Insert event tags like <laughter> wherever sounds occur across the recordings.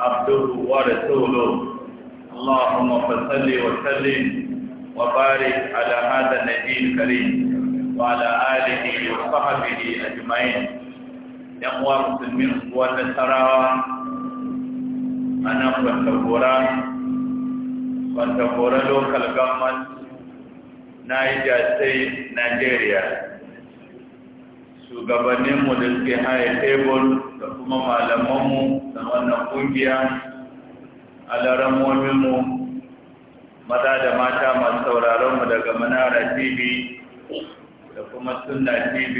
عبده ورسوله اللهم فصل وسلم وبارك على هذا النبي الكريم وعلى آله وصحبه أجمعين يقوى مسلمين قوة الثراء أنا فالتبورا فالتبورا لوكال government Niger State, Nigeria. shugabanninmu da suke haya tebul da kuma malamanmu da wannan kungiya alaramominmu maza da mata masu sauraronmu daga manara tv da kuma sunna tv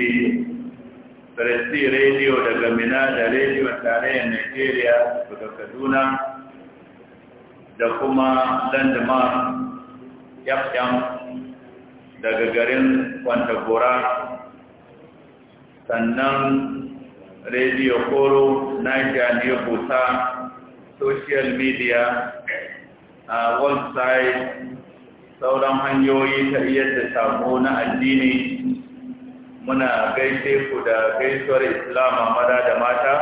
presti radio daga mina da radio tarayyar nigeria daga kaduna da kuma landmark yam daga garin kwantagora sannan rediyo koro niger midiya social media a website sauran hanyoyi ta iya ta sako na addini muna gaishe ku da gaisuwar islama maza da mata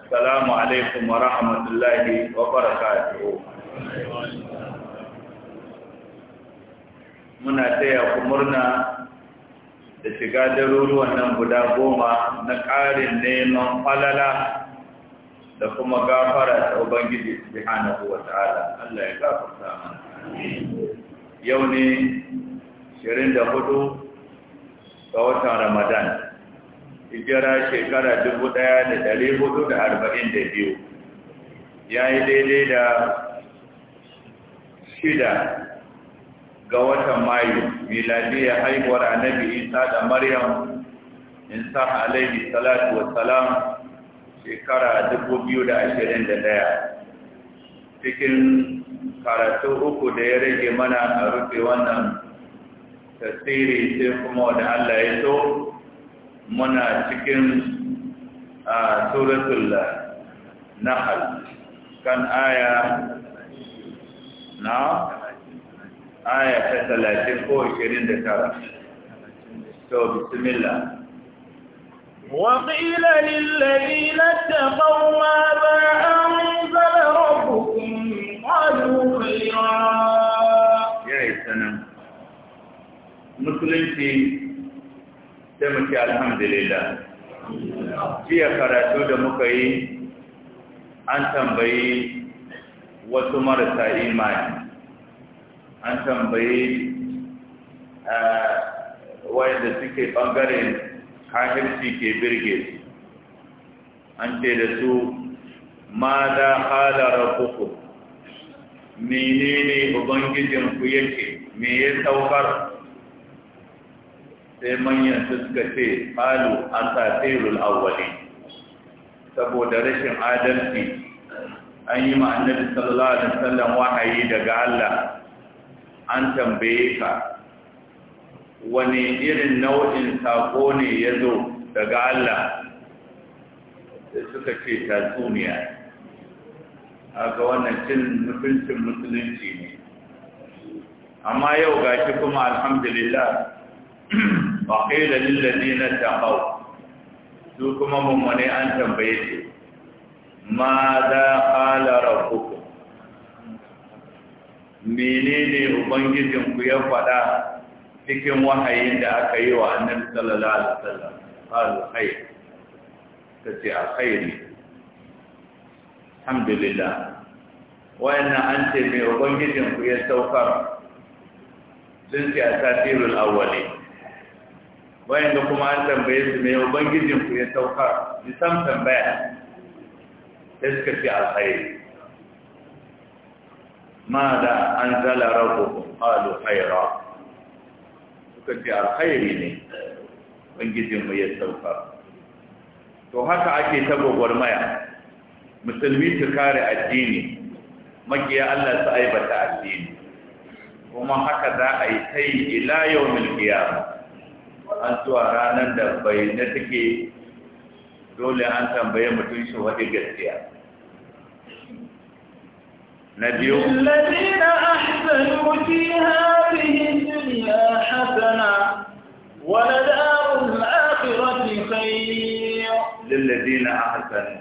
assalamu alaikum wa rahmatullahi wa barakatuhu muna taya ku murna da shiga daruruwan nan guda goma na ƙarin neman falala da kuma gafara ta Ubangiji subhanahu wa ta'ala Allah ya gafarta mana yau ne 24 ga watan Ramadan hijira shekara 1442 yayi daidai da shida ga watan mayu miladiyya haihuwar annabi isa da maryam isa alaihi salatu wassalam shekara ɗaya. cikin karatu uku da ya rage mana a rufe wannan tasiri sai kuma wanda Allah ya so muna cikin a suratul kan aya na aya ta talatin ko ashirin da tara to bismillah وقيل للذين اتقوا ماذا أنزل ربكم قالوا خيرا يا سلام مسلمتي تمشي الحمد لله jiya karatu da muka yi an tambayi wasu marasa imani an tambaye wayanda suke ɓangaren kafirci ke birge an ce da su ma da halara kuku menene ubangijinku yake me ya saukar sai manyan suka ce halu an tasirul awwali saboda rashin adalci an yi ma'anar sallallahu alaihi wasallam wahayi daga Allah an tambaye ka wani irin nau'in sako ne ya zo daga Allah da suka ce tatsuniya aka wannan cin mutuncin musulunci ne amma yau ga shi kuma alhamdulillah ba kai da na tahau su kuma mummune an tambaye ce. ma za ƙala menene ubangijin ku ya faɗa cikin wahayin da aka yi wa annabi sallallahu alaihi wasallam alkhair kace alkhairi alhamdulillah wayanna an ce me ubangijin ku ya saukar ce asatirul awwali wayanda kuma an tambaye su me ubangijin ku ya saukar ni sam tambaya sai suka ماذا أنزل ربكم قالوا خيرا suka ce alkhairi ne ubangijinmu ya sauka to haka ake ta gwagwarmaya musulmi su kare addini makiya Allah su aibata addini kuma haka za a yi ta ila yau milkiya an zuwa ranar da bai na take dole an tambayi mutum shi waɗi gaskiya نديو الذين أحسنوا في هذه الدنيا حسنا ولدار الآخرة خير للذين أحسنوا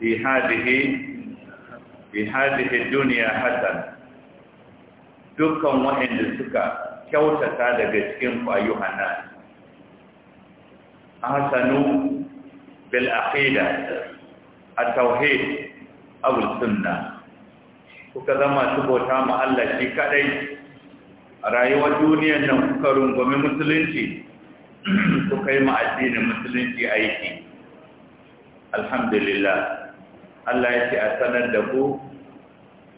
في هذه في هذه الدنيا حسنا دكم وإن دسكا كوتا سادة جسكين فأيها الناس أحسنوا بالأقيدة التوحيد abul sunna kuka zama su bauta ma Allah shi kadai a rayuwar duniyar nan kuka rungumi musulunci <clears throat> kuka yi ma addinin musulunci aiki alhamdulillah Allah ya ce a sanar da ku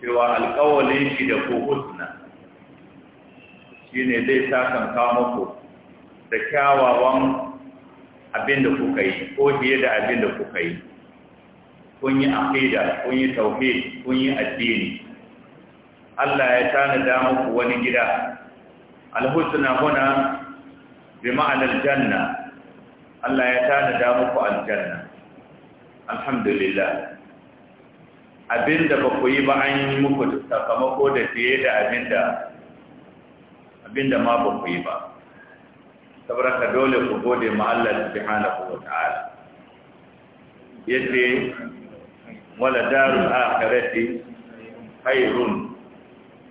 cewa alƙawalin shi da ku husna shi ne zai sakan kawo muku da kyawawan abin da kuka yi ko fiye da abin da kuka yi kun yi aqida kun yi tauhid kun yi addini Allah ya tanada muku wani gida alhusna huna bi ma'ana aljanna Allah ya tanada muku aljanna alhamdulillah abinda ba ku yi ba an yi muku sakamako da fiye da abinda abinda ma ba ku yi ba saboda dole ku gode ma Allah subhanahu wa ta'ala yadda wala darul akhirati khairun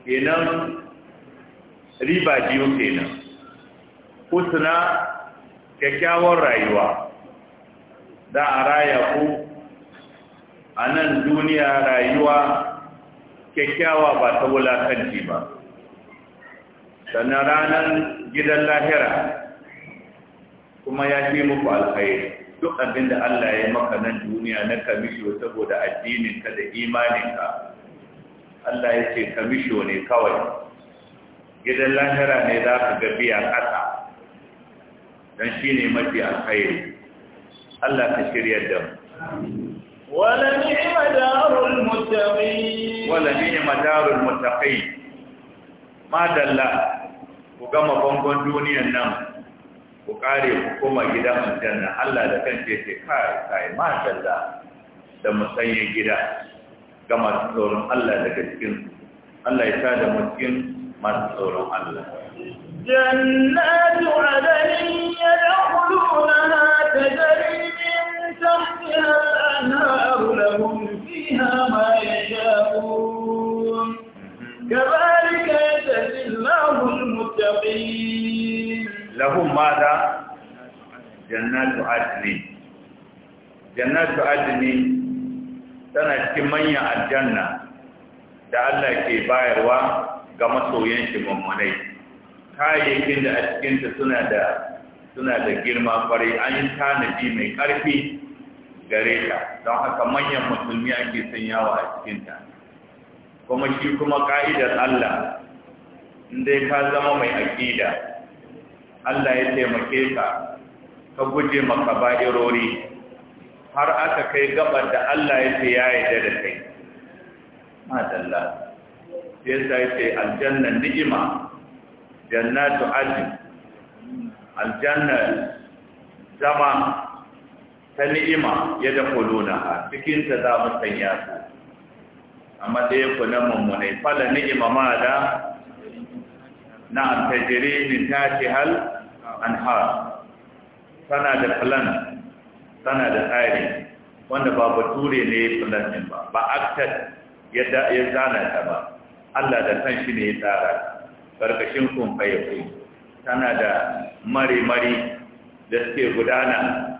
kenan riba biyu kenan husna kyakkyawar rayuwa Da a ku a nan duniya rayuwa kyakkyawa ba ta wulakanci ba sannan ranar gidan lahira kuma ya fi muku alkhairi duk abin da Allah ya maka nan duniya na kamisho saboda addininka da imaninka Allah ya ce kamisho ne kawai gidan lahira ne za ka ga biya ƙasa don shi ne mafi alkhairi Allah ka shirya da mu wala ni'ma darul muttaqin wala ni'ma darul muttaqin madalla ku gama bangon duniyan nan ku kare ku koma gidan aljanna Allah da kanshi yake kai kai ma dalla da musanya gida ga masu tsoron Allah daga cikin Allah ya sa da mu cikin masu tsoron Allah jannatu adalin yadkhuluna tajri min tahtiha al-anhar lahum fiha ma yashaa'un mhm. kadhalika yajzi Allahu al-muttaqin lahum ma da jannatu adni jannatu adni tana cikin manyan aljanna da Allah ke bayarwa ga masoyan shi mummunai kayayyakin da a cikinta suna da suna da girma kwarai an yi tanadi mai ƙarfi gare ta don haka manyan musulmi ake yawa a cikinta kuma shi kuma ka'idar Allah inda ka zama mai aƙida Allah ya taimake ka ka guje maka ba'irori har aka kai gabar da Allah ya ce ya yarda da kai madalla sai ya ce aljanna ni'ima jannatu adn aljanna zama ta ni'ima ya da kuluna a ta za mu sanya su amma dai ku na mummunai fala ni'ima ma da na tajiri hal an anhar tana da plan tana da tsari wanda ba bature ne plan din ba ba yadda ya zana ta ba Allah da kan shi ne ya tsara karkashin kun fayyafai tana da mari-mari da suke gudana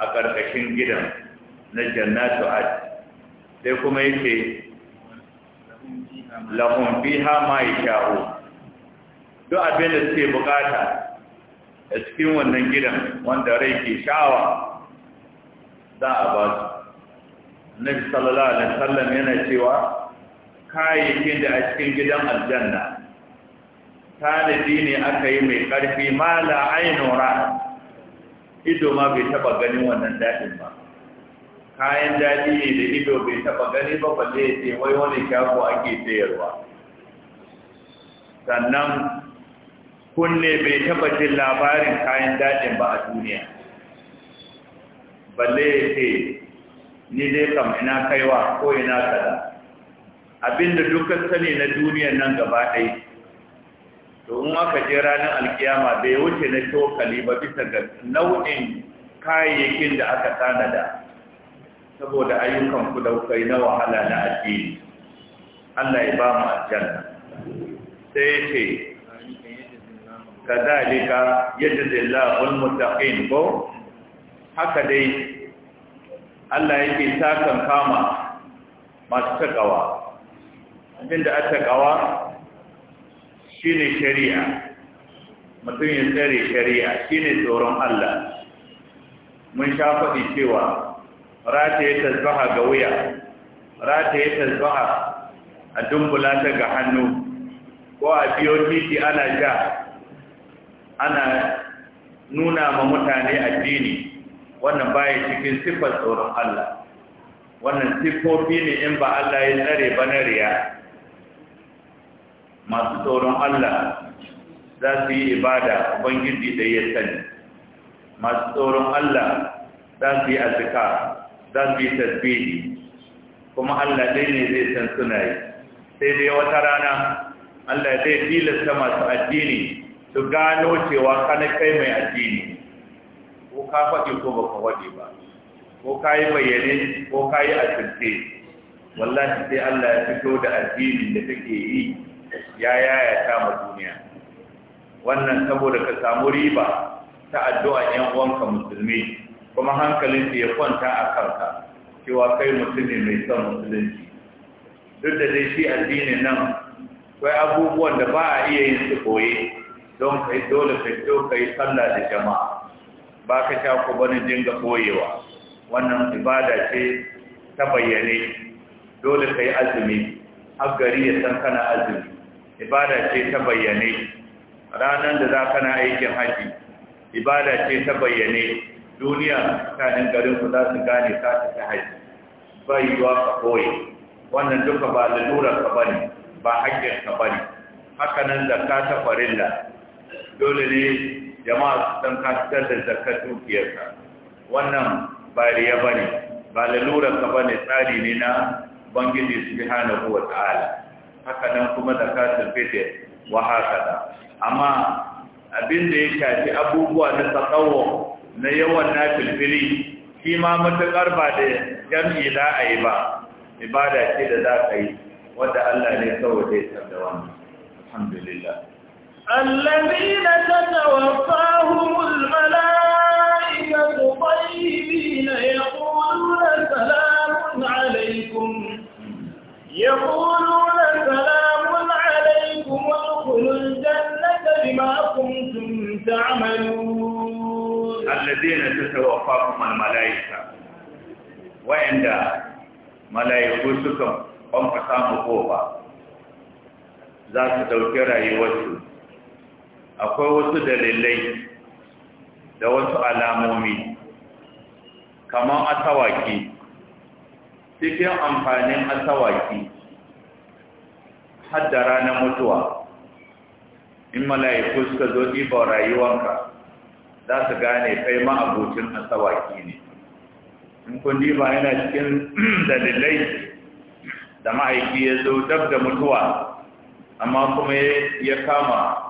a karkashin gidan na jannatu a sai kuma yake lahun fiha ma sha'o duk abin da suke bukata a cikin wannan gidan wanda rai ke sha'awa za a ba su nabi sallallahu alaihi wasallam yana cewa kayayyakin da a cikin gidan aljanna tanadi ne aka yi mai ƙarfi ma la ra ido ma bai taba ganin wannan daɗin ba kayan daɗi ne da ido bai taba gani ba balle ya ce wai wani shago ake sayarwa sannan kunne bai taɓa jin labarin kayan daɗin ba a duniya balle ya ce ni dai kam ina kaiwa ko ina kada abinda dukkan sani na duniya nan gaba ɗai to in aka je ranar alkiyama bai wuce na cokali ba bisa ga nau'in kayayyakin da aka da. saboda ayyukan ku daukai na wahala na addini Allah ya ba mu aljanna sai ya ce kadhalika yajzillahu muttaqin ko haka dai Allah yake takan kama masu takawa da a takawa shine shari'a mutum ya tsare shari'a shine tsoron Allah mun sha faɗi cewa rataye tasbaha ga wuya rataye tasbaha a dumbula ta ga hannu ko a biyo titi ana ja ana nuna ma mutane addini wannan baya cikin siffar tsoron Allah wannan siffofi ne in ba Allah ya tsare ba na riya masu tsoron Allah za su yi ibada ubangiji da ya sani masu tsoron Allah za su yi azika za su yi tasbihi kuma Allah dai ne zai san suna yi sai dai wata rana Allah zai tilasta masu addini su gano cewa kana kai mai addini ko ka faɗi ko ba ka ba ko ka yi bayyane ko ka yi asirce wallahi sai Allah ya fito da addinin da take yi ya yaya ta ma duniya wannan saboda ka samu riba ta addu'a ‘yan uwanka musulmi kuma hankalin ya kwanta a kanka cewa kai Musulmi mai son musulunci duk da dai shi addinin nan akwai abubuwan da ba a iya yin su koye don kai dole ka fito ka yi sallah da jama'a ba ka sha ku bane dinga koyewa wannan ibada ce ta bayyane dole ka yi azumi har gari ya san kana azumi ibada ce ta bayyane ranar da za kana aikin haji ibada ce ta bayyane duniya mutanen garin ku za su gane ka ta ta haji bai yiwa ka koye wannan duka ba lalura ka bane ba hakkin ka bane haka nan ka ta farilla dole ne jama'a su san ka da zakar dukiyarka wannan ba riya ba ne ba lalura ka ba ne tsari ne na bangiji su bi hana kuwa ta'ala haka nan kuma zakatul fitr wa haka amma abin da ya shafi abubuwa na tsakawo na yawan na filfili shi ma matuƙar ba da jam'i za a yi ba ibada ce da za ka yi Wanda Allah ne kawai zai tabbawa alhamdulillah الذين تتوفاهم الملائكة طيبين يقولون سلام عليكم يقولون سلام عليكم ادخلوا الجنة بما كنتم تعملون الذين تتوفاهم الملائكة وعند ملائكة سكم قم قسام قوة ذات دوكرة يوسف akwai wasu dalilai da wasu alamomi kamar asawaki cikin amfanin asawaki da ranar mutuwa in mala'iku suka zo ɗiba rayuwanka za su gane kai ma'abocin asawaki ne in kun ɗiba yana cikin <clears throat> dalilai da ma'aiki ya zo dab da mutuwa amma kuma ya kama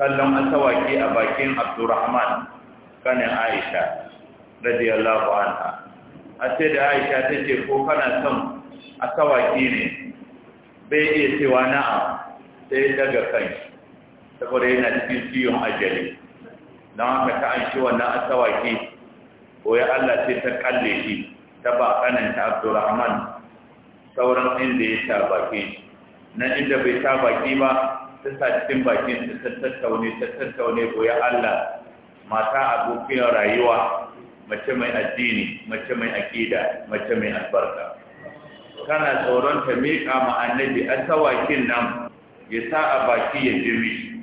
kallon asawaki a bakin abdurrahman kanin aisha radiyallahu anha a ce da aisha ta ce ko kana son asawaki ne bai iya cewa na'a. sai daga kai saboda yana cikin ciyon ajali na haka ta an wannan asawaki ko ya Allah sai ta kalle shi ta ba kananta abdurrahman sauran inda ya sa baki inda bai sa baki ba ta sa cikin bakin ta tattaune ta tattaune goya Allah mata abokin rayuwa mace mai addini mace mai aƙida mace mai albarka kana tsoron ta miƙa ma annabi tawakin nan ya sa a baki ya jiri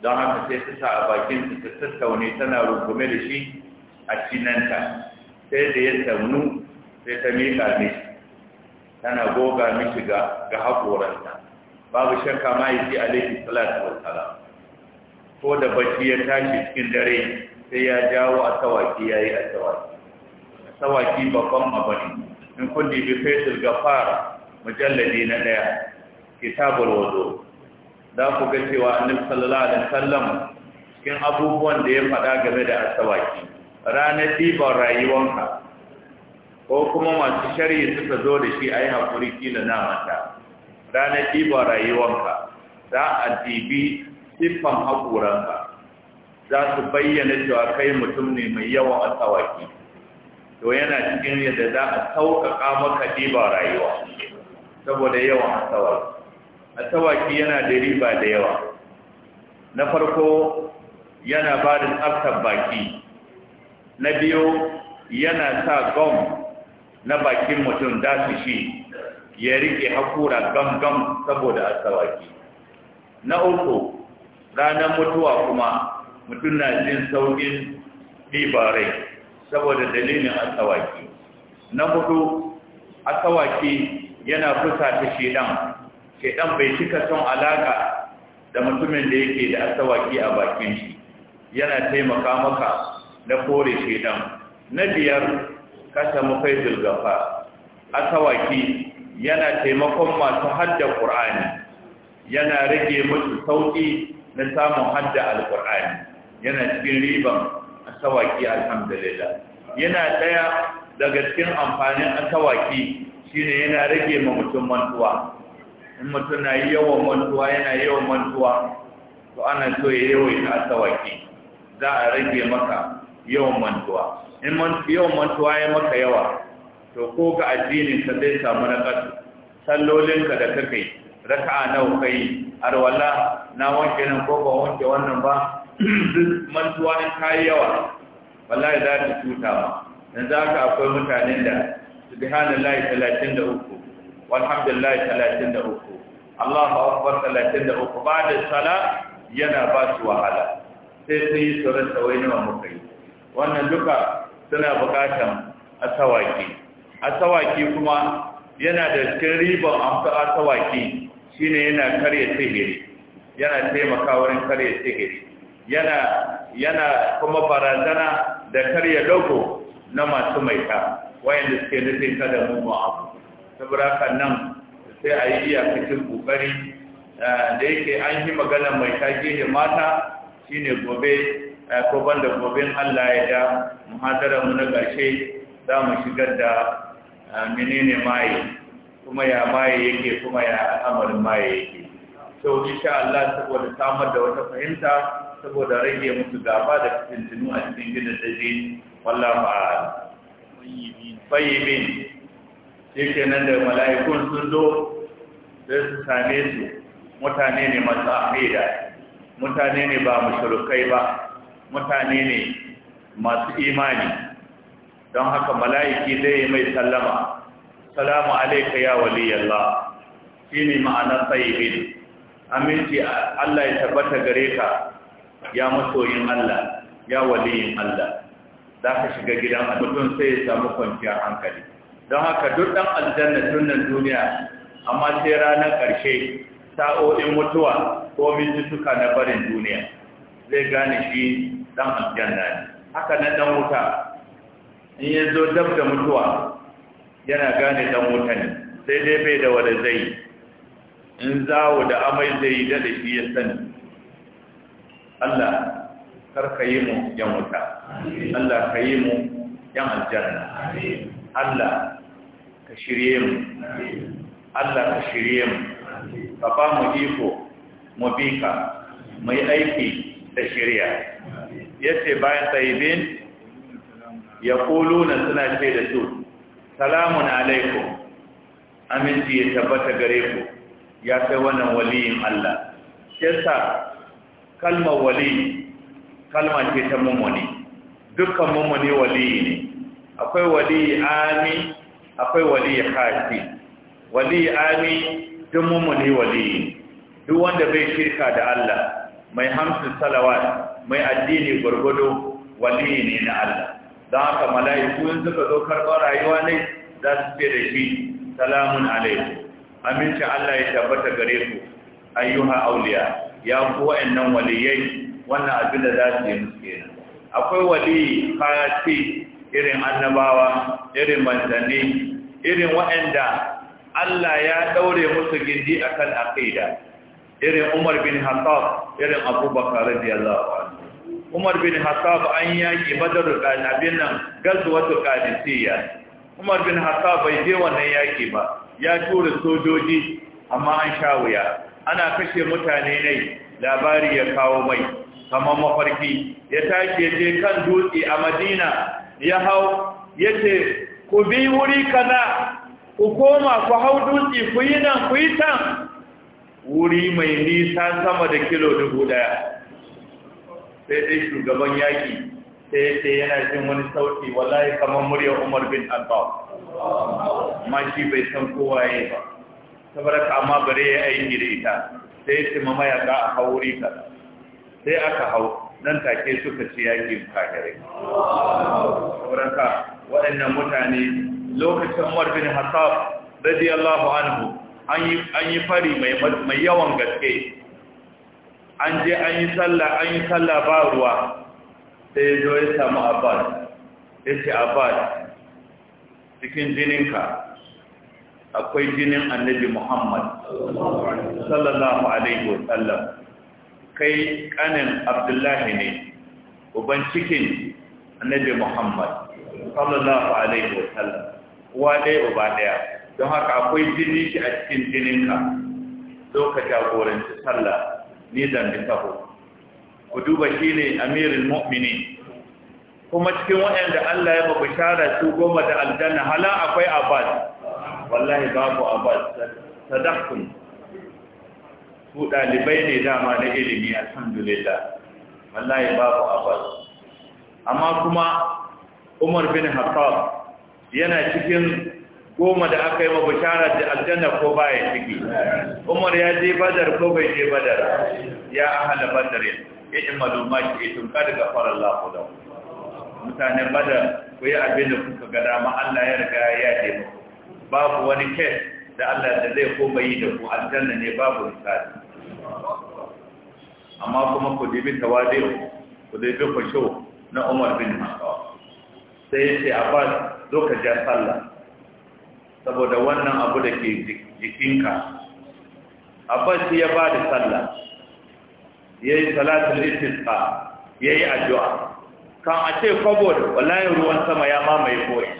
don haka sai ta sa a bakin ta tattaune tana rungume da shi a cinanta sai da ya sannu sai ta miƙa mishi tana goga mishi ga haƙoranta babu shakka ma yi alaihi salatu wassalam ko da bacci ya tashi cikin dare sai ya jawo a tawaki ya yi a tawaki a tawaki babban mabani in kun dibi faisal gafara mujalladi na ɗaya kitabul wazo za ku ga cewa annabi sallallahu alaihi wasallam cikin abubuwan da ya faɗa game da asawaki ranar ɗiban rayuwanka ko kuma masu shari'a suka zo da shi a yi haƙuri kila na mata ranar ɗiba rayuwanka za a ɗibi siffan haƙoranka za su bayyana cewa kai mutum ne mai yawa a tsawaki to yana cikin yadda za a sauƙaƙa maka ɗiba rayuwa saboda yawan A tsawaki yana da riba da yawa na farko yana ba da tsaftar baki na biyu yana sa gom na bakin mutum dasu shi ya rike hakura gangan saboda asawaki na uku ranar mutuwa kuma mutum na jin saukin ɗibarai saboda dalilin asawaki na hudu asawaki yana fusa ta shedan shedan bai cika son alaka da mutumin da yake da asawaki a bakin shi yana taimaka maka na kore shedan na biyar kasa samu faizul asawaki yana taimakon masu hadda ƙur'ani yana rage musu sauƙi na samun hadda alƙur'ani yana cikin riban asawaki alhamdulillah yana ɗaya daga cikin amfanin asawaki shine yana rage ma mutum mantuwa in mutum na yi yawan mantuwa yana yawan mantuwa to ana so ya yawaita asawaki za a rage maka yawan mantuwa in yawan mantuwa ya maka yawa to ko ga addinin ka zai samu na ƙasa sallolin ka da raka a nawa kai arwala na wanke nan ko ba wanke wannan ba duk mantuwa in yi yawa wallahi za ta cuta ma yanzu haka akwai mutanen da Su talatin subhanallahi 33 walhamdulillahi uku. Allahu akbar uku. ba da sala yana ba su wahala sai sun yi tsoron tsawai nawa mamakai yi wannan duka suna bukatan asawaki asawaki kuma yana da cikin a amsa asawaki shine yana karya sihiri yana taimaka wurin karya sihiri yana kuma barazana da karya logo na masu maita wayanda suke nufin kada mummu abu saboda haka nan sai a yi iyakacin kokari eh, da yake an yi magana mai tage da mata shine gobe eh, ko banda goben Allah ya da muhadara mu na ƙarshe za mu shigar da menene maye kuma ya maye yake kuma ya al'amarin maye yake so insha Allah saboda samar da wata fahimta saboda rage musu gaba da fitintinu a cikin gidan daji wallahu a'lam tayyibin yake nan da mala'ikun sun zo sai su same su mutane ne masu aqida mutane ne ba mushrikai ba mutane ne masu imani don haka mala'iki zai mai sallama salamu alaika ya shi shine ma'anar sayyidin aminci Allah ya tabbata gare ka ya masoyin Allah ya yin Allah za ka shiga gidan mutum sai ya samu kwanciyar hankali don haka duk ɗan aljanna tunan duniya amma sai ranar ƙarshe sa'o'in mutuwa ko mintuka na barin duniya zai gane shi ɗan aljanna ne haka na ɗan wuta in ya zo dab da mutuwa yana gane dan wuta ne sai dai bai da wada zai in zawo da amai zai da da shi ya sani Allah kar ka yi mu yan wuta Allah ka yi mu yan aljanna Allah ka shirye mu Allah ka shirye mu ka ba mu iko mu bi ka mu yi aiki da shirya yace bayan tsayibin ya na suna ce da su salamun alaikum aminci ya tabbata gare ku ya kai wannan waliyin Allah shesa kalmar wali kalma ce ta mummuni dukkan mummuni waliyi ne akwai waliyi ami akwai waliyi khasi waliyi ami duk mummuni waliyi duk wanda bai shirka da Allah mai hamsin salawat mai addini gurgudu waliyi ne na Allah da aka mala'iku yin suka zo karɓar rayuwa ne za su ce da shi salamun alaikum aminci Allah ya tabbata gare ku ayyuha auliya ya ku wa'annan waliyai wannan abin da za su yi musu akwai wali kati irin annabawa irin manzanni irin wa'anda Allah ya daure musu gindi akan aqida irin Umar bin hasab irin abubakar radiyallahu anhu umar bin hassab an yaƙi badar abin nan gazuwatu qadisiyya umar bin hassab bai je wannan yaƙi ba ya tura sojoji amma an sha wuya ana kashe mutane ne labari ya kawo mai kamar mafarki ya tashi je kan dutse a madina ya hau ya ce ku bi wuri kana ku koma ku hau dutse ku yi nan ku yi can wuri mai nisa sama da kilo dubu daya sai dai shugaban yaƙi sai sai yana jin wani sauti wallahi kamar murya Umar bin Al-Khattab amma shi bai san kowa yi ba saboda amma bare ya aiki da ita sai ce mama ya a hauri ka sai aka hau nan take suka ci yaƙin kakare. saboda waɗannan mutane lokacin Umar bin hasab radiyallahu anhu an yi fari mai yawan gaske an je an yi sallah an yi sallah ba ruwa sai zo ya samu abbas ya ce abad cikin jininka akwai jinin annabi muhammad sallallahu alaihi wasallam kai kanin abdullahi ne uban cikin annabi muhammad sallallahu alaihi wasallam uwa ɗaya uba ɗaya don haka akwai jini shi a cikin jininka zo ka jagoranci sallah ni taho. ku duba shi ne amirul mu'mini kuma cikin waɗanda Allah ya babu shara su goma da aljanna hala akwai abbas wallahi babu abbas sadaqun su ɗalibai ne dama na ilimi alhamdulillah wallahi babu abbas amma kuma umar bin hattab yana cikin goma da aka yi ma bisharar da aljanna ko baya ciki umar ya je badar ko bai je badar ya ahala badar ya yi maluma ke tun kada ga farar lafudan mutanen badar ko yi abin da kuka gada ma allah ya riga ya je babu wani kes da allah da zai bai yi da ku aljanna ne babu misali amma kuma ku dibi tawadi ku dibi kwasho na umar bin hakawa sai ya ce abbas zo ka ja sallah saboda wannan abu da ke jikinka abbas ya ba da sallah ya yi salatul istisqa ya yi addu'a kan a ce kwabo da wallahi ruwan sama ya mamaye koyi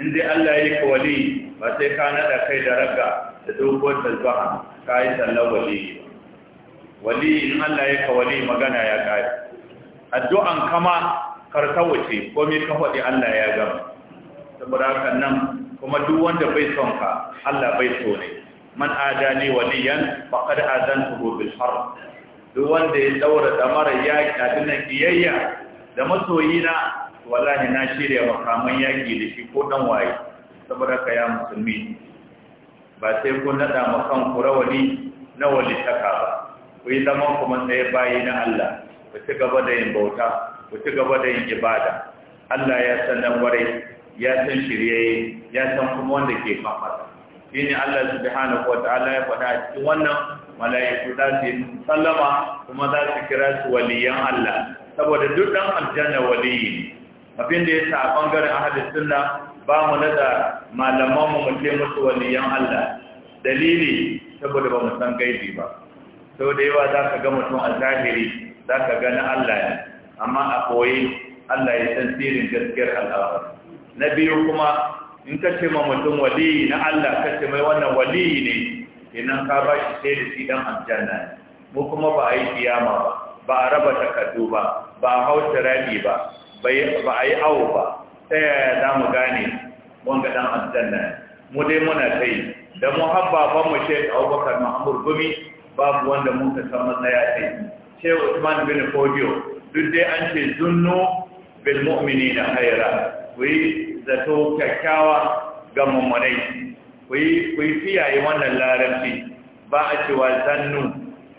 in dai Allah ya yi kawali ba sai ka naɗa kai da raga da dogon talbaha ka yi sallar wali wali in Allah ya kawali magana ya kare addu'an kama karkawace komai ka faɗi Allah ya gama saboda haka nan kuma duk wanda bai son ka Allah bai so ne man adani waliyan faqad adantuhu bil har duk wanda ya daura mara ya kafin nan kiyayya da masoyina wallahi na shirya makaman yaki da shi ko dan waye saboda ka ya musulmi ba sai kun nada ma kanku rawani na walitaka ba ku yi zaman kuma tsaye bayi na Allah ku ci gaba da yin bauta ku ci gaba da yin ibada Allah ya san nan warai ya san shirye ya san kuma wanda ke kan masa shine Allah subhanahu wa ta'ala ya faɗa a cikin wannan mala'iku za su yi sallama kuma za su kira su waliyan Allah saboda duk dan aljanna waliyi abin da yasa a bangaren ahlus sunna ba mu nada malaman mu mutle musu waliyan Allah dalili saboda ba mu san gaibi ba sau da yawa za ka ga mutum a zahiri za ka ga na Allah ne amma a koyi Allah ya san sirrin gaskiyar al'amari na biyu kuma in ka ce ma mutum wali na Allah ka ce mai wannan wali ne idan ka ba shi sai da shi ɗan aljanna ne mu kuma ba a yi kiyama ba ba a raba takardu ba ba a hau tirabi ba ba a yi awo ba ta yaya za mu gane wanga dan aljanna ne mu dai muna kai da mu habba ban mu shek abubakar mahmud gumi babu wanda mun ka san matsaya kai shehu usman bin duk dai an ce zunnu bil mu'minina khaira ku yi zato kyakkyawa ga mummunai ku yi kiyaye wannan larabci ba a cewa zannu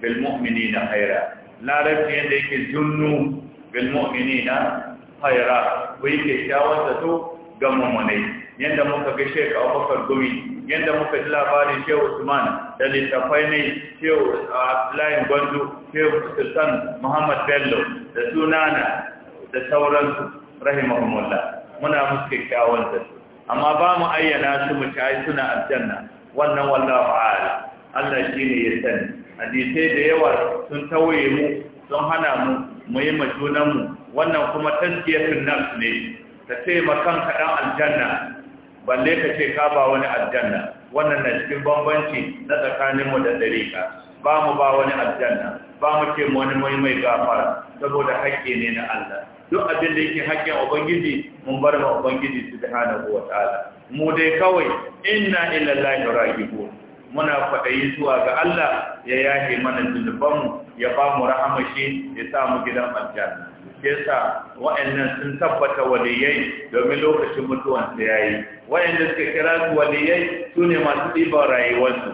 bil mu'minina khaira larabci yadda yake zunnu bil haira. khaira ku yi kyakkyawan zato ga mummunai yadda muka ga Sheikh Abubakar Gumi yadda muka ji labarin shehu usman da littafai ne shehu abdullahi Gwanzu, shehu sultan muhammad bello da sunana da sauransu rahimahumullah muna musu kyakkyawan da su amma ba mu ayyana su mu ci suna aljanna wannan wallahu a'ala Allah shi ne ya sani hadisai da yawa sun tawaye mu sun hana mu mu yi mu wannan kuma tazkiyatun nafs ne ka ce ma kanka dan aljanna balle ka ce ka ba wani aljanna wannan na cikin bambanci na tsakaninmu da ka ba mu ba wani aljanna ba mu ce mu wani mai mai gafara saboda haƙƙi ne na Allah duk abin da yake haƙƙin ubangiji mun bar ma ubangiji subhanahu wa ta'ala mu dai kawai inna ilallahi rajibu muna kwaɗayi zuwa ga Allah ya yahe mana zunubanmu ya ba mu rahama shi ya sa mu gidan aljanna yasa wa'annan sun tabbata waliyai domin lokacin mutuwan yayi wa'anda suka kira su waliyai su ne masu ɗiba rayuwarsu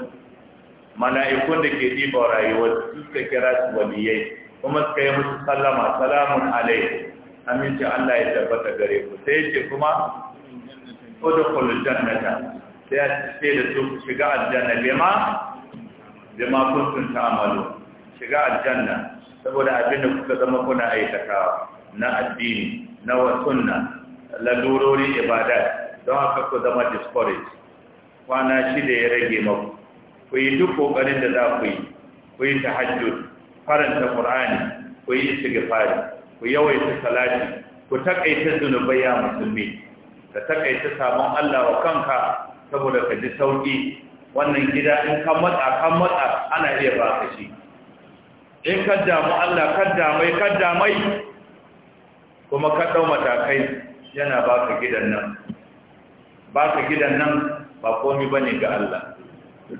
mala'ikun da ke ɗiba rayuwarsu su suka kira su waliyai kuma suka yi musu sallama salamun alaikum aminci Allah ya tabbata gare ku sai ce kuma udkhulul jannata sai sai da su shiga aljanna bima bima kuntum ta'malu shiga aljanna saboda abin da kuka zama kuna aikatawa na addini na wasunna lalurori ibada don haka ku zama discourage kwana shida ya rage maku ku yi duk kokarin da za ku yi ku yi ta hajju, faranta qur'ani ku yi istighfar ku yawaita salati ku takaita zunubai ya musulmi ka takaita sabon Allah wa kanka saboda ka ji sauki wannan gida in kan matsa kan matsa ana iya baka shi in ka damu Allah ka damai ka damai kuma ka ɗau matakai yana baka gidan nan baka gidan nan ba komi bane ga Allah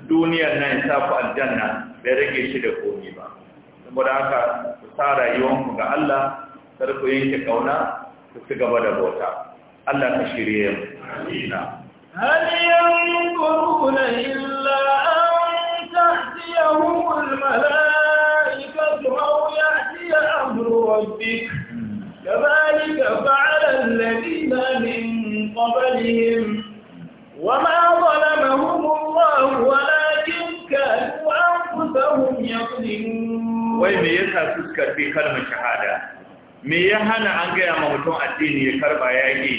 duniyar nan sa ku aljanna bai rage shi da komi ba saboda haka ku sa rayuwanku ga Allah kar ku yanke kauna ku ci gaba da bauta Allah ka shirye mu amina هل yanquruna illa أن tahtiyahum الملائكة أو يأتي أمر ربك كذلك فعل الذين من قبلهم وما ظلمهم الله ولكن كانوا أنفسهم يظلمون Wai me yasa su karbi kalmar shahada me ya hana an gaya ma mutum addini ya karba yaƙi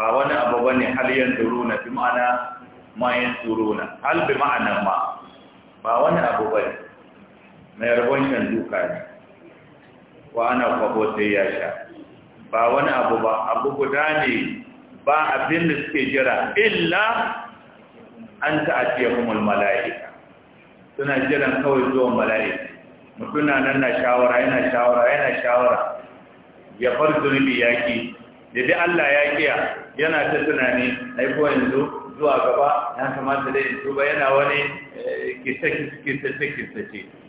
ba wani abu bane hal yanzuruna bi ma'ana ma hal bi ma'ana ma ba wani abu bane mai rabon shan duka ne wa ana kwabo sai ya sha ba wani abu ba abu guda ne ba abin da suke jira illa an ta'atiyahumul mala'ika suna jiran kawai zuwan mala'ika mutum na nan na shawara yana shawara yana shawara ya bar zunubi yaki da dai Allah ya kiya yana ta tunani aiko yanzu zuwa gaba ya kamata da yanzu ba yana wani kisa kisa kisa kisa kisa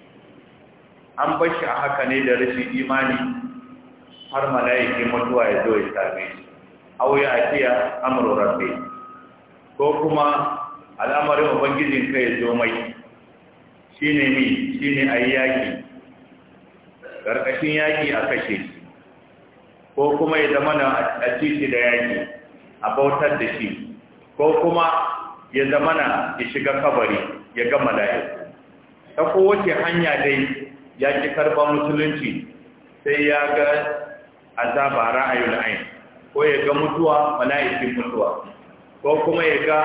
an bar shi a haka ne da rashin imani har mala'iki mutuwa ya zo ya same shi auya atiya amru rabbi ko kuma al'amarin ubangijin kai ya zo mai shine mi shine ayyaki karkashin yaki a kashe ko kuma ya zama na a cici da yaki a bautar da shi ko kuma ya zama na ya shiga kabari ya gama mala'iku ta kowace hanya dai ya ki karba musulunci sai ya ga azaba ra'ayul ain ko ya ga mutuwa mala'ikin mutuwa ko kuma ya ga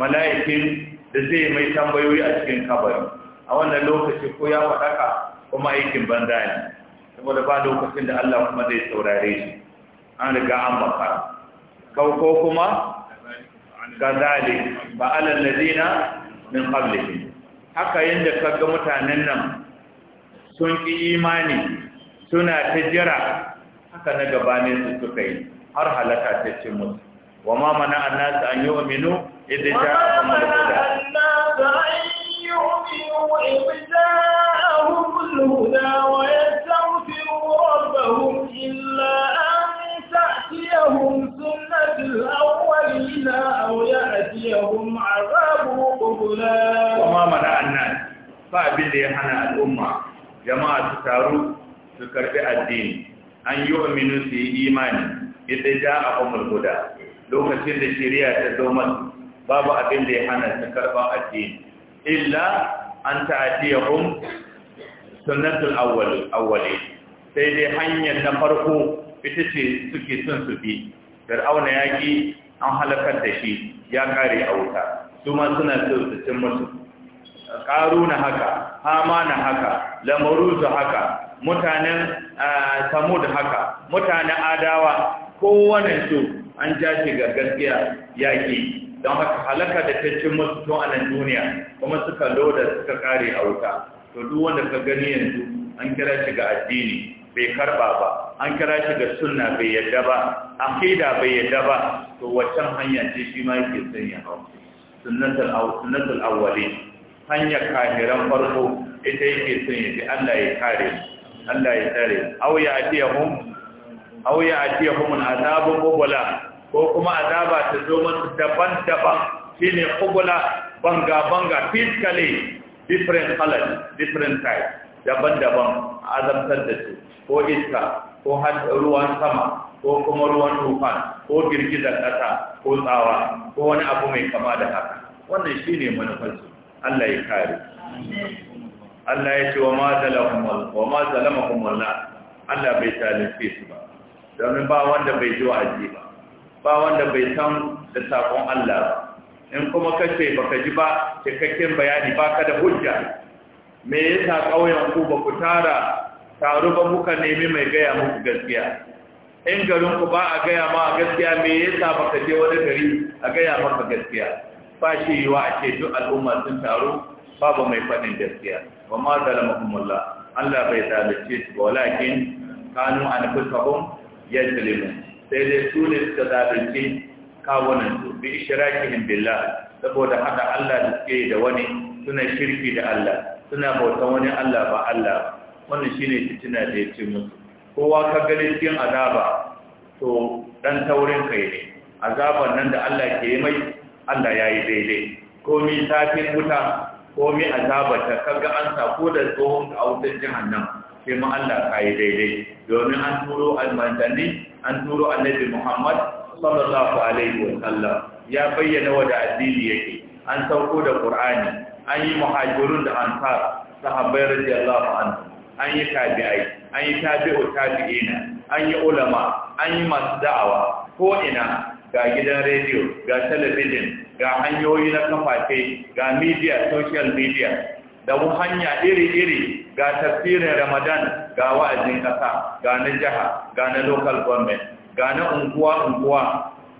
mala'ikin da zai mai tambayoyi a cikin kabari a wannan lokaci ko ya faɗaka kuma aikin banza ne saboda ba lokacin da Allah kuma zai saurare shi an riga an baka ko kuma Al-Gazali, ba alal ladina min qablihi haka yanda kaga mutanen nan sun ƙi imani suna ta jira haka na gabanin su suka yi har halaka ta ce musu wa ma mana annas an yi aminu idza ja'ahum al-huda Kuma mana annan ba abin da ya hana al'umma jama'a su taru su karbi addini an yi wa su yi imani idan ja a umar guda lokacin da shirya ta domin babu abin da ya hana su karba addini illa an ya kun sunatul awwali sai dai hanyar na farko ita ce suke son su bi fir'auna ya ki an halakar da shi ya kare a wuta su ma suna so su cin musu ƙaru na haka hama na haka lamaruzu haka mutanen samud haka mutanen adawa kowane su an ja shi ga gaskiya yaƙi don haka halaka da ta cin musu tun a nan duniya kuma suka loda suka kare a wuta to duk wanda ka gani yanzu an kira shi ga addini bai karba ba an kira shi ga suna bai yadda ba aqida bai yadda ba to waccan hanya ce shi ma yake son ya hau sunnatul awwali hanyar kafiran farko ita yake son yi Allah ya kare Allah ya tare aw ya atiyahum aw ya atiyahum azabu qubla ko kuma azaba ta zo musu daban-daban shine qubla banga banga physically different colors different types daban-daban azab da dace ko iska ko ruwan sama ko kuma ruwan tufan ko girgizar ƙasa ko tsawa ko wani abu mai kama da haka wannan shine manufarsu Allah ya kare Allah ya ce wa ma zalama wa ma zalamahum Allah Allah bai zalunce su ba domin ba wanda bai ji wa'azi ba ba wanda bai san da sakon Allah ba in kuma kace baka ji ba cikakken bayani ka da hujja me yasa kauyen ku ba ku tara taru ba muka nemi mai gaya muku gaskiya in garin ku ba a gaya ma gaskiya me yasa baka je wani gari a gaya maka gaskiya ba yiwa a ce duk al'umma sun taru babu mai faɗin gaskiya ba ma zalamahumullah Allah bai zalunce su ba walakin kanu yadda yajlimun sai dai su ne suka zalunce kawunan su bi ishrakihim billa saboda haka Allah da suke da wani suna shirki da Allah suna bautan wani Allah ba Allah wannan shine fitina da ya ci musu kowa ka gani cikin azaba to dan taurin kai ne Azabar nan da Allah ke yi mai Allah ya yi daidai komi tafin wuta komi azabata kaga an ko da tsohon a wutar jahannam sai ma Allah ka yi daidai domin an turo almantanni an turo annabi Muhammad sallallahu alaihi wa sallam ya bayyana wa addini yake an sauko da Qur'ani an yi muhajirun da ansar sahabbai radiyallahu anhu an yi tabi'ai an yi tabi'u tabi'ina an yi ulama an yi masu da'awa ko ina ga gidan rediyo ga talabijin ga hanyoyi na kafafe ga media social media da hanya iri-iri ga tafsirin ramadan ga wa'azin ƙasa ga na jiha ga na local government ga na unguwa-unguwa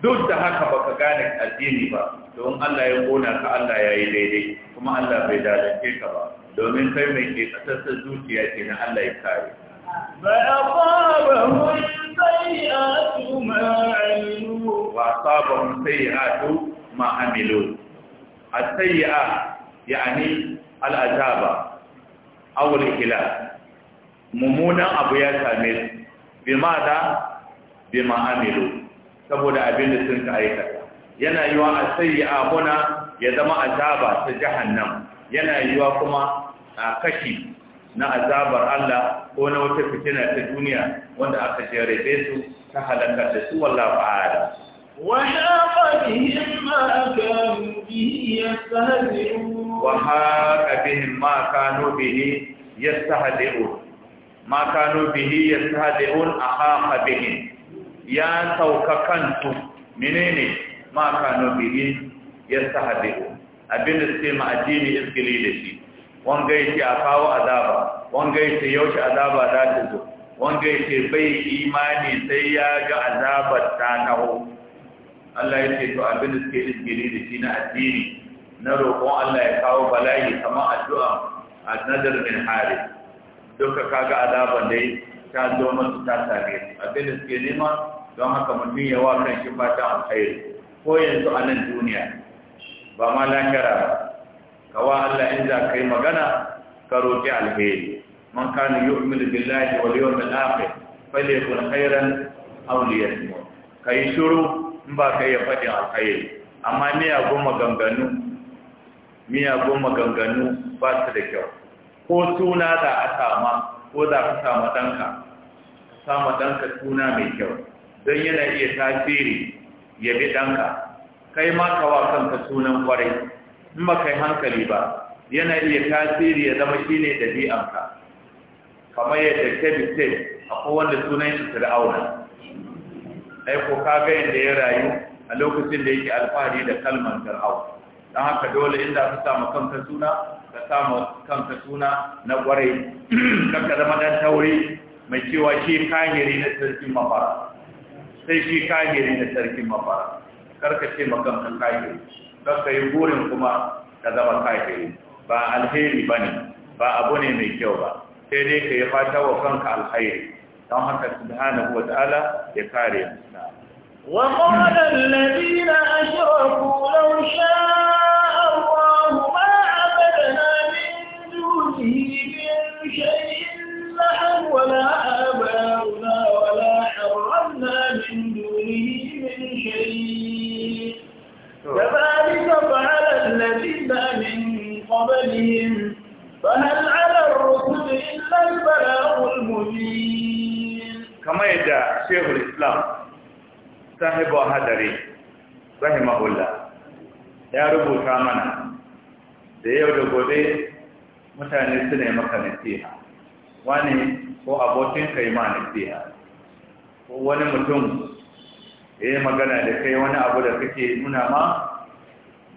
duk da haka baka gane addini ba don Allah ya kona ka Allah ya yi daidai kuma Allah bai dalace ka ba domin kai mai ke ƙasassun zuciya ke na Allah ya kare فأصابهم سيئات ما عملوا السيئة يعني العذاب أو الهلاك mummunan abu ya same su bi da bi ma saboda abin da sun ka aikata yana yi a ya zama azaba ta nan. yana yi kuma a kashi na azabar Allah ko na wata fitina ta duniya wanda aka jarabe su ta halaka da su wallahu a'ala wa haqa bihim ma kanu bihi yastahzi'un wa haqa bihim ma kanu bihi yastahzi'un ma kanu bihi yastahzi'un ahaqa bihim ya sauka kansu menene ma kanu bihi yastahzi'un abinda suke ma addini iskili da shi wanga yace a kawo azaba wanga yace yaushe azaba za ta zo wanga yace bai imani sai ya ga azabar ta taho Allah ce to abin da suke izgiri da shi na addini na roƙon Allah ya kawo bala'i kamar addu'a a nazar min hari duka kaga azaban dai ta zo masu ta same su abin da suke nema don haka mutum ya wa kan shi fata alkhairi ko yanzu a nan duniya ba ma lahira ba kawa Allah inda za kai magana ka roƙi alheri man kana yi billahi wal yawmil akhir falyakun khairan aw liyasmut kai shiru in ba kai ya faɗi alheri amma miyagun maganganu goma ganganu ba su da kyau ko suna da a sama ko za ka sama ɗanka sama ɗanka suna mai kyau don yana iya tasiri ya bi ɗanka kai ma kawa kanka sunan kwarai in ba kai hankali ba yana iya tasiri ya zama shine Ka kamar yadda kebite a kowanne sunan shi fir'auna ai ko kaga yadda ya rayu a lokacin da yake alfahari da kalmar fir'auna don haka dole inda ka samu kanka suna ka samu kanka suna na kwarai <clears throat> kanka zama dan tauri mai cewa shi kagiri na sarkin mafara sai shi kagiri na sarkin mafara karka ce makanka kagiri don yi burin kuma ta zama kafiri ba alheri ba ne ba abu ne mai kyau ba sai dai ka yi fata wa kanka alheri don haka subhanahu wa ta'ala ya kare mu وقال الذين أشركوا لو شاء قبلهم فهل على الرسل إلا البلاغ المبين كما يدعى شيخ الإسلام صاحب هدري رحمه الله da yau da gobe mutane su ne maka nasiha wani ko abokin kai ma nasiha ko wani mutum ya yi magana da kai wani abu da kake nuna ma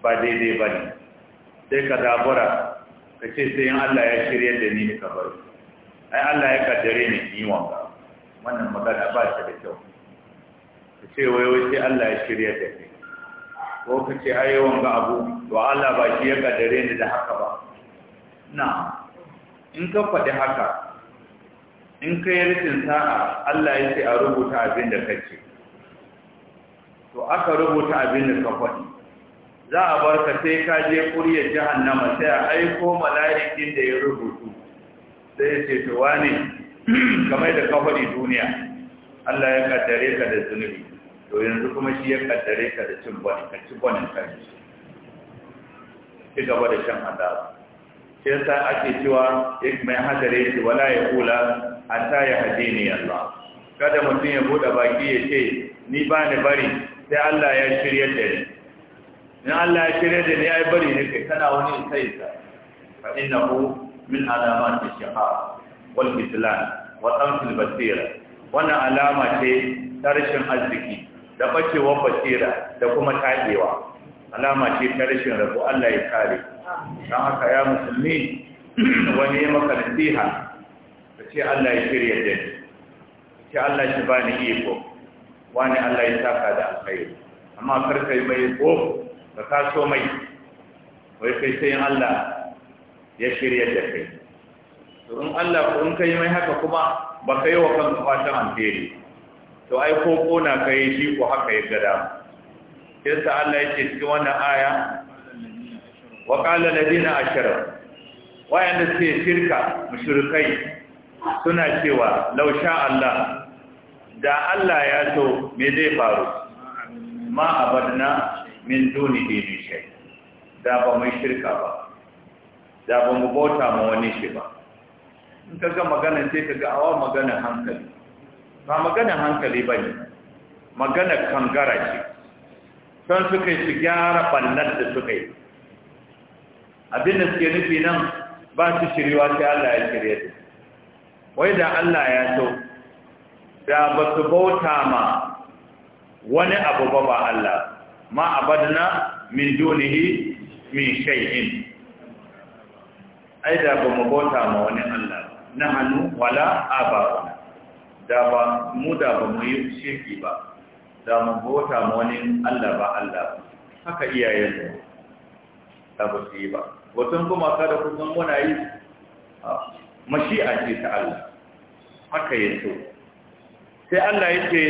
ba daidai ba ne sai ka dabura ka ce sai in Allah ya shirya da ni ka bari ai Allah ya kaddare ni yi wanga wannan magana ba shi da kyau ka ce wai wai sai Allah ya shirya da ni ko ka ce ai wanga abu to Allah ba shi ya kaddare ni da haka ba na in ka faɗi haka in ka yi rikin sa'a Allah ya ce a rubuta abin da kake to aka rubuta abin da ka faɗi za a bar ka sai ka je kuryar jahannama sai a aiko mala'ikin da ya rubutu sai ce to wani kamar da kafari duniya Allah ya kaddare ka da zunubi to yanzu kuma shi ya kaddare ka da cin bani ka ci banin kai ci gaba da shan azaba sai sa ake cewa mai hadare shi wala ya kula hatta ya ni Allah kada mutum ya bude baki ya ce ni ba ni bari sai Allah ya shirya da ni in Allah ya shirya da ni ai bari ne kai kana wani sai sa fa innahu min alamati shiha wal islam wa tamsil basira wannan alama ce ta rashin arziki da bacewar basira da kuma tadewa alama ce ta rashin rabu Allah ya kare dan haka ya musulmi <clears throat> wani ya maka nasiha ka ce Allah ya shirya da ni ce Allah shi bani iko wani Allah ya saka da alkhairi amma karkai bai ko ka kaso mai wai kai sai Allah ya shirya da kai to in Allah ko in kai mai haka kuma ba kai wa kanka fatan alheri to ai ko kona kai shi ko haka ya gada sai sa Allah ya ce cikin wannan aya wa qala ladina ashara wayanda suke shirka mushrikai suna cewa lausha Allah da Allah ya so me zai faru ma abadna min duni ne min da ba mai shirka ba da ba mu bauta ma wani shi ba in ka ga magana sai ka ga awa magana hankali ba magana hankali ba ne maganar kangara ce son suka yi su gyara ɓannar da suka yi abin da suke nufi nan ba su shiriwa sai Allah ya shirya su wai da Allah ya so da ba su bauta ma wani abu ba ba Allah ba. ma abadna min dunihi min shay'in ai da ba mu bauta ma wani Allah na hannu wala abawana da ba mu da ba mu yi shirki ba da mu bauta ma wani Allah ba Allah haka iyayen mu da ba su yi ba wasan kuma kada ku san muna yi mashi'a ce ta Allah haka ya sai Allah ya ce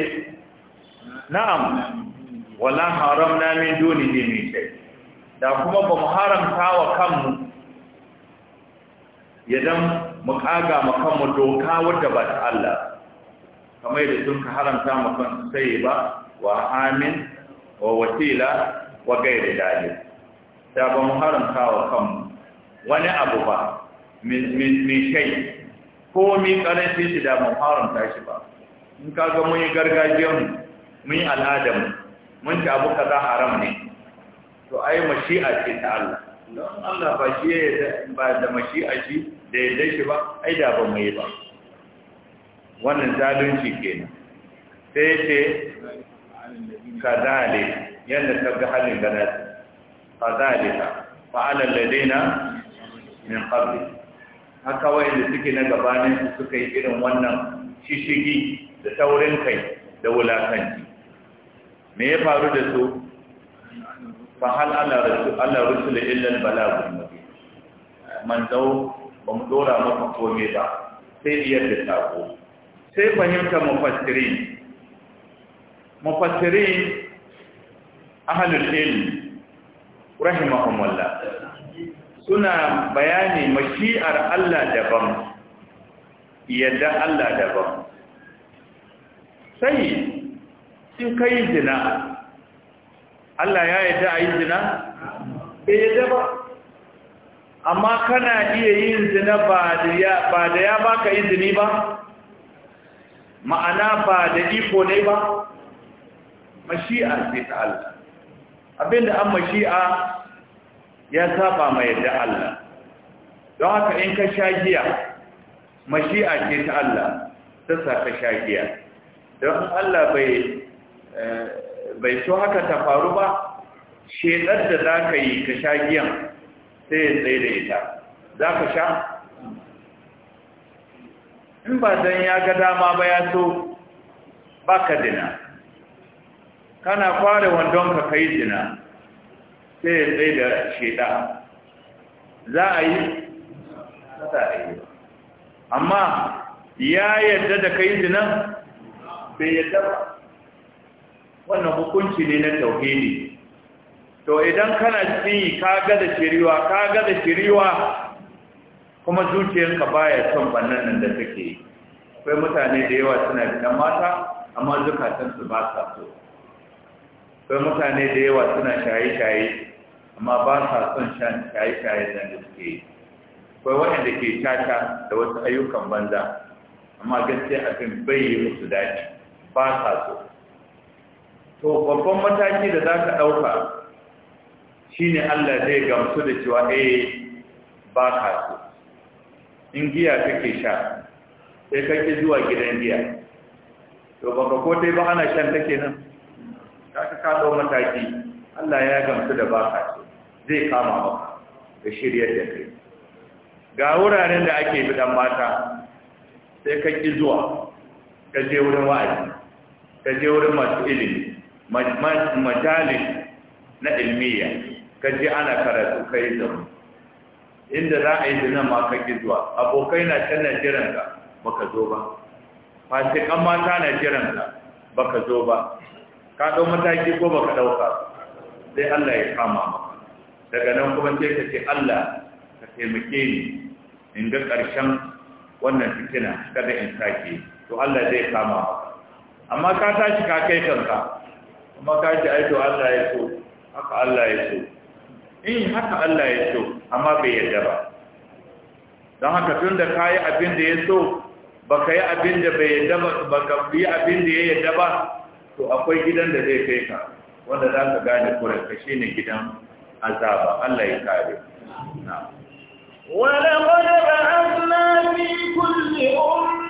na'am wala haramna min ne min shay da kuma ba mu haramta wa kanmu yadan mu kaga mu kanmu doka wadda ba ta Allah kamar da sun ka haramta mu kan sai ba wa amin wa wasila wa gairi dali da ba mu haramta wa kanmu wani abu ba min shay ko mi karanci shi da mu haramta shi ba in kaga mun yi gargajiyar mu mun yi al'adar mu mun ci abu kaza haram ne to ai mashi'a ce ta Allah don Allah ba shi ba da mashi'a shi da yadda shi ba ai da ba mai ba wannan zalunci kenan sai ce kadale yadda ta ga halin ganas kadalika fa'ala ladaina min qabli haka da suke na gabanin su suka yi irin wannan shishigi da taurin kai da wulakanci me ya faru da su fa hal ala rasul ala rasul illa al balagh manzo ba mu dora maka kome ba sai iyar da sako sai fahimta mufassirin mufassirin ahlul ilm rahimahumullah suna bayani mashi'ar Allah daban yadda Allah daban sai in ka yi zina Allah ya yadda a yi zina bai yadda ba amma kana iya yin zina ba da ya baka izini ba ma'ana ba da iko ne ba mashi'a sai ta Allah abinda an mashi'a ya saba mai yadda Allah don haka in ka sha giya mashi'a ce ta Allah sassa ka sha giya don Allah bai Eh, bai so haka ta faru ba shedar da za ka yi ka sha giyan sai ya tsaye da ita za ka sha in ba don ya ga dama ba ya so ba ka dina kana kware wandon ka kai dina sai ya tsaye da sheda za a yi za a yi amma ya yadda da kai dina, bai yadda ba wannan hukunci ne na tauhidi to idan kana ci ka ga da shiriwa ka ga da shiriwa kuma zuciyarka baya son bannan nan da take yi akwai mutane da yawa suna da mata amma zukatansu ba sa so akwai mutane da yawa suna shaye-shaye amma ba sa son shaye-shaye nan da suke yi akwai waɗanda ke caca da wasu ayyukan banza amma gaskiya abin bai yi musu daɗi ba sa so to babban mataki da za ka ɗauka shi ne Allah zai gamsu da cewa eh ba ka so in giya kake sha sai kake zuwa gidan giya to ka ko dai ba ana shan take nan za ka kaɗo mataki Allah ya gamsu da ba ka so zai kama maka da shiryar da kai ga wuraren da ake dan mata sai ka ƙi zuwa ka je wurin wa'azi ka je wurin masu ilimi majalis na ilmiya kaje ana karatu kai da inda za a yi dinan ma ka gizuwa abokai na can na ka baka zo ba fasikan mata na jiran ka baka zo ba ka dau mataki ko baka dauka sai Allah ya kama maka daga nan kuma sai ka ce Allah ka taimake ni in ga karshen wannan fitina kada in sake to Allah zai kama maka amma ka tashi ka kai kanka kuma ka ce aito Allah ya so haka Allah ya so in eh, haka Allah ya so amma bai yarda ba don haka tun da ka yi abin da ya so ba ka yi abin da bai yarda ba ba ka yi abin da ya yarda ba to akwai gidan da zai kai ka wanda za ka gane ka shi ne gidan azaba Allah ya kare na ولقد بعثنا في كل أمة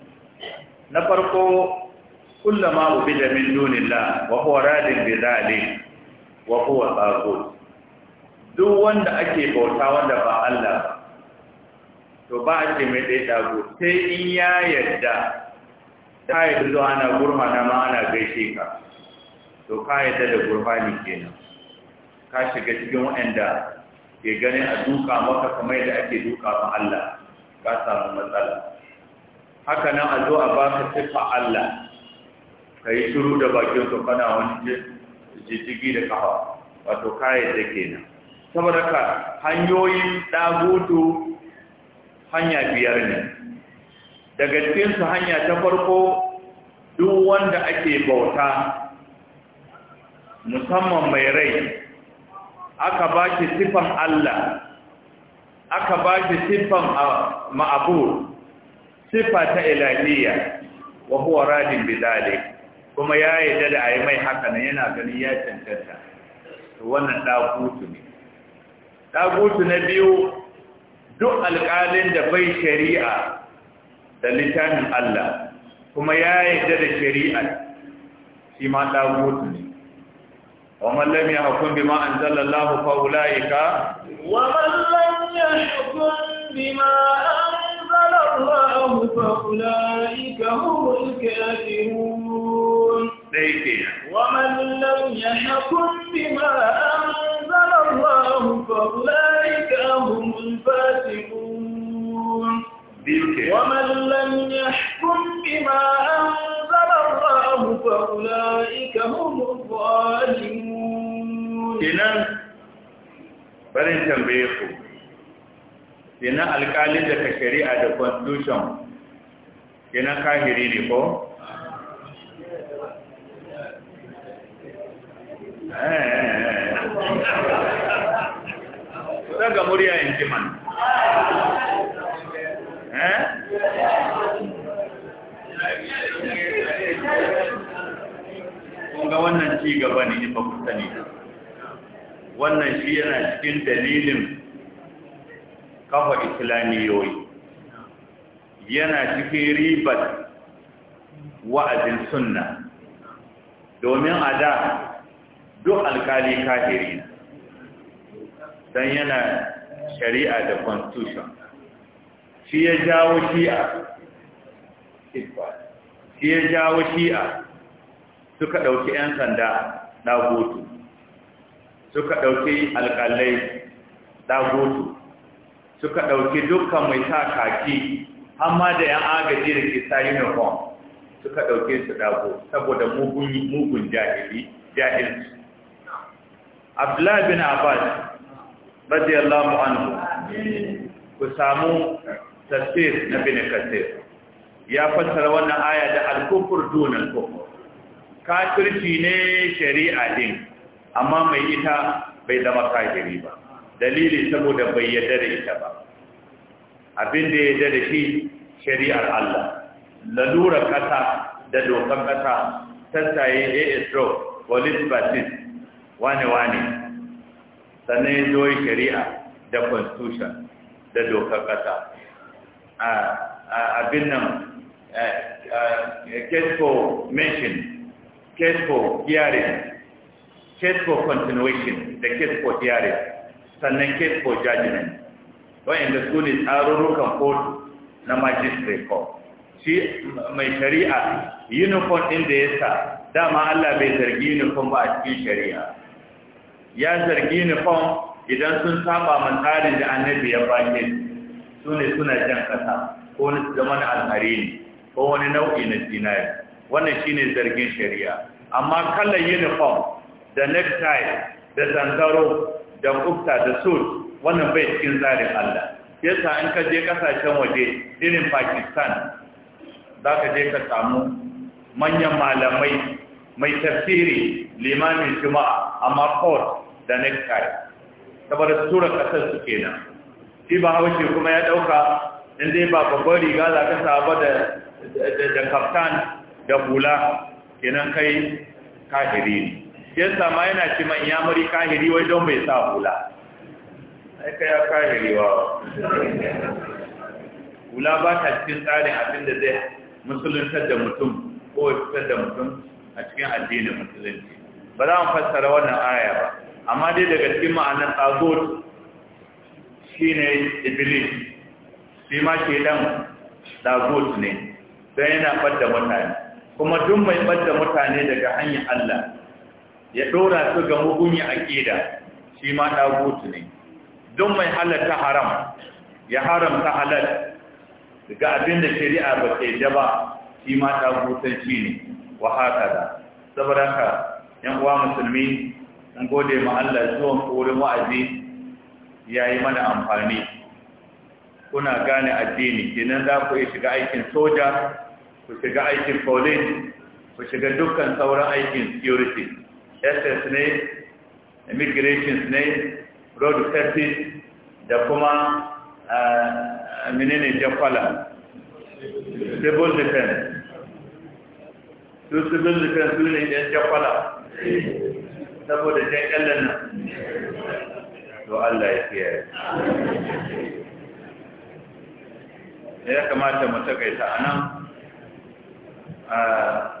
na farko bi da min dunilla wa huwa radin bi zali wa huwa tagut duk wanda ake bauta wanda ba Allah ba to ba a ce mai dai sai in ya yarda ta yi zuwa ana gurmana ma ana gaishe ka to ka yarda da gurbani kenan ka shiga cikin waɗanda ke ganin a duka maka kamar yadda ake duka ma Allah ka samu matsala haka nan a zo a baka siffa Allah ka yi shuru da bakin ka kana wani jijjigi da kafa wato kayan da nan saboda ka hanyoyin ɗagutu hanya biyar ne daga cikinsu hanya ta farko duk wanda ake bauta musamman mai rai aka ba shi siffan Allah aka ba shi siffan ah, ma'abur sifa ta ilahiyya wa huwa radin bidalik kuma ya yarda da ayi mai haka nan yana ganin ya cancanta to wannan ɗagutu ne Ɗagutu na biyu duk alƙalin da bai shari'a da littafin Allah kuma ya yi da shari'a shi ma ɗagutu ne ومن لم يحكم بما أنزل الله فأولئك ومن لم يحكم بما أنزل الله فأولئك هم الكافرون ومن لم يحكم بما أنزل الله فأولئك هم الفاسقون ومن لم يحكم بما أنزل الله فأولئك هم الظالمون إذن بلن تنبيكم kenan alƙalin da ka shari'a da constitution kenan kahiri ne ko? daga eh, eh, eh. murya in ji man ga wannan ci gaba ne ba ku sani wannan shi yana cikin dalilin kafa islamiyoyi yana cikin ribar wa'azin sunna domin a da duk alkali kafiri don yana shari'a da constitution shi ya jawo shi'a shi ya jawo shi'a suka ɗauki 'yan sanda ɗagotu suka ɗauki alƙalai ɗagotu suka ɗauki dukkan mai sa kaki amma da yan agaji da ke sa uniform suka ɗauke su ɗago saboda mugun jahili jahilci abdullahi bin abbas radiyallahu anhu ku samu tasir na bin kasir ya fassara wannan aya da al dun kafirci ne shari'a din amma mai ita bai zama kafiri ba dalili saboda bai yarda da ita ba abin da ya yarda da shi shari'ar Allah lalura kasa da dokan kasa tattaye ASRO police basis wane wane sannan ya shari'a da constitution da dokan kasa abin nan eh, eh, case for mention case for hearing case for continuation da case for hearing sannan case for judgment inda su ne tsarurrukan court na magistrate court shi mai shari'a uniform ɗin da ya sa dama Allah bai zargi uniform ba a cikin shari'a ya zargi uniform idan sun saba man tsarin da annabi ya bake su ne suna jan kasa ko wani zaman alhari ne ko wani nau'i na sinari wannan shine zargin shari'a amma kallon uniform da necktie da zanzaro da ukta da sud wannan bai cikin zarin Allah yasa in ka je kasashen waje irin Pakistan za ka je ka samu manyan malamai mai tafsiri limamin juma'a amma court da necktie saboda tura kasar su kenan shi ba haushi kuma ya dauka in dai ba babban riga za ka saba da da kaftan da hula kenan kai kahiri shi yasa ma yana ce man ya muri kahiri wai don bai sa hula aika ya kahiri wa hula ba ta cikin tsarin abin da zai musuluntar da mutum ko fitar da mutum a cikin addinin musulunci ba za mu fassara wannan aya ba amma dai daga cikin ma'anar tsagot shine iblis shi ma ke dan tsagot ne don yana ɓadda mutane kuma duk mai ɓadda mutane daga hanyar Allah ya ɗora su ga a aƙida shi ma ɗagutu ne don mai halatta haram ya haramta halar. ga abin da shari'a ba ta yadda ba shi ma shi ne wa haka da saboda ka yan uwa musulmi an gode ma Allah zuwan wurin wa'azi ya yi mana amfani kuna gane addini kenan za ku iya shiga aikin soja ku shiga aikin police ku shiga dukkan sauran aikin security ss ne immigrations ne road safety da kuma eh, menene jafala. civil defense su civil defense su ne yan jafala. saboda jan ƙallon nan to Allah ya kiyaye ya kamata mu takaita a nan eh,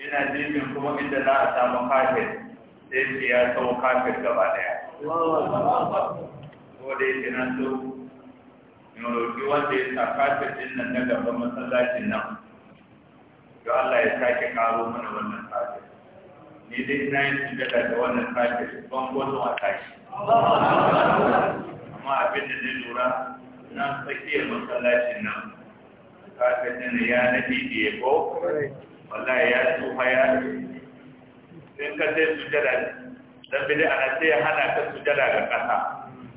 yana jirgin kuma inda za a samu kafir sai ce ya sau kafir gaba daya ko da yake nan so in roƙi wanda ya sa kafir din nan na gaban masallacin nan to Allah ya sake karo mana wannan kafir ni dai na yin sujada da wannan kafir ban gwazo a tashi amma abin da zai lura na tsakiyar masallacin nan kafir din ya nadi ɗiɗi ya ko wallahi ya tsufa ya sai ka sai sujada dan bi ana sai ya hana ka sujada ga kasa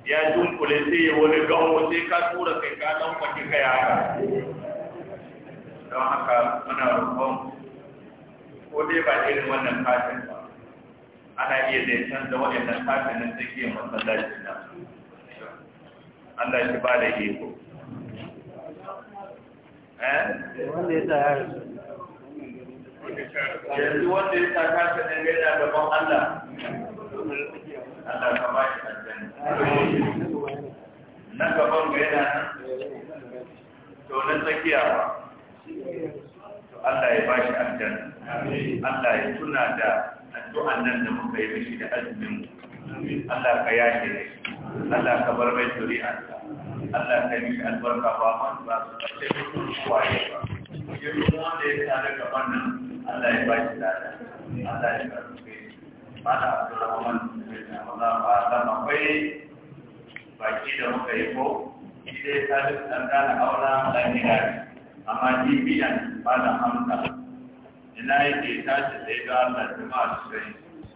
ya dunkule sai ya wani gawo sai ka tura kai ka dan kwaki ka ya haka don haka muna roƙon ko dai ba irin wannan kafin ba ana iya dai canza waɗannan kafin na tsakiyar masallaci na Allah shi ba da iko. Eh? Wanda ya tsaya yanzu wanda ya saka ka yana da gaban Allah Allah ka bashi shi aljanna na gaban ga yana nan to na tsakiya Allah ya ba shi aljanna Allah ya tuna da addu'an nan da muka yi mishi da azumin Allah ka yashe Allah ka bar mai zuri'a Allah ka yi albarka ba su ba su kace waye ba yanzu wanda ya tsare daga nan Allah ya ba shi lada Allah ya karfe mana Abdulrahman bin Allah ba ta akwai baki da muka yi ko sai ta duk dan gane aura dan gida amma jibiyan ba da hamsa ina yake tashi sai ga Allah jama'a sai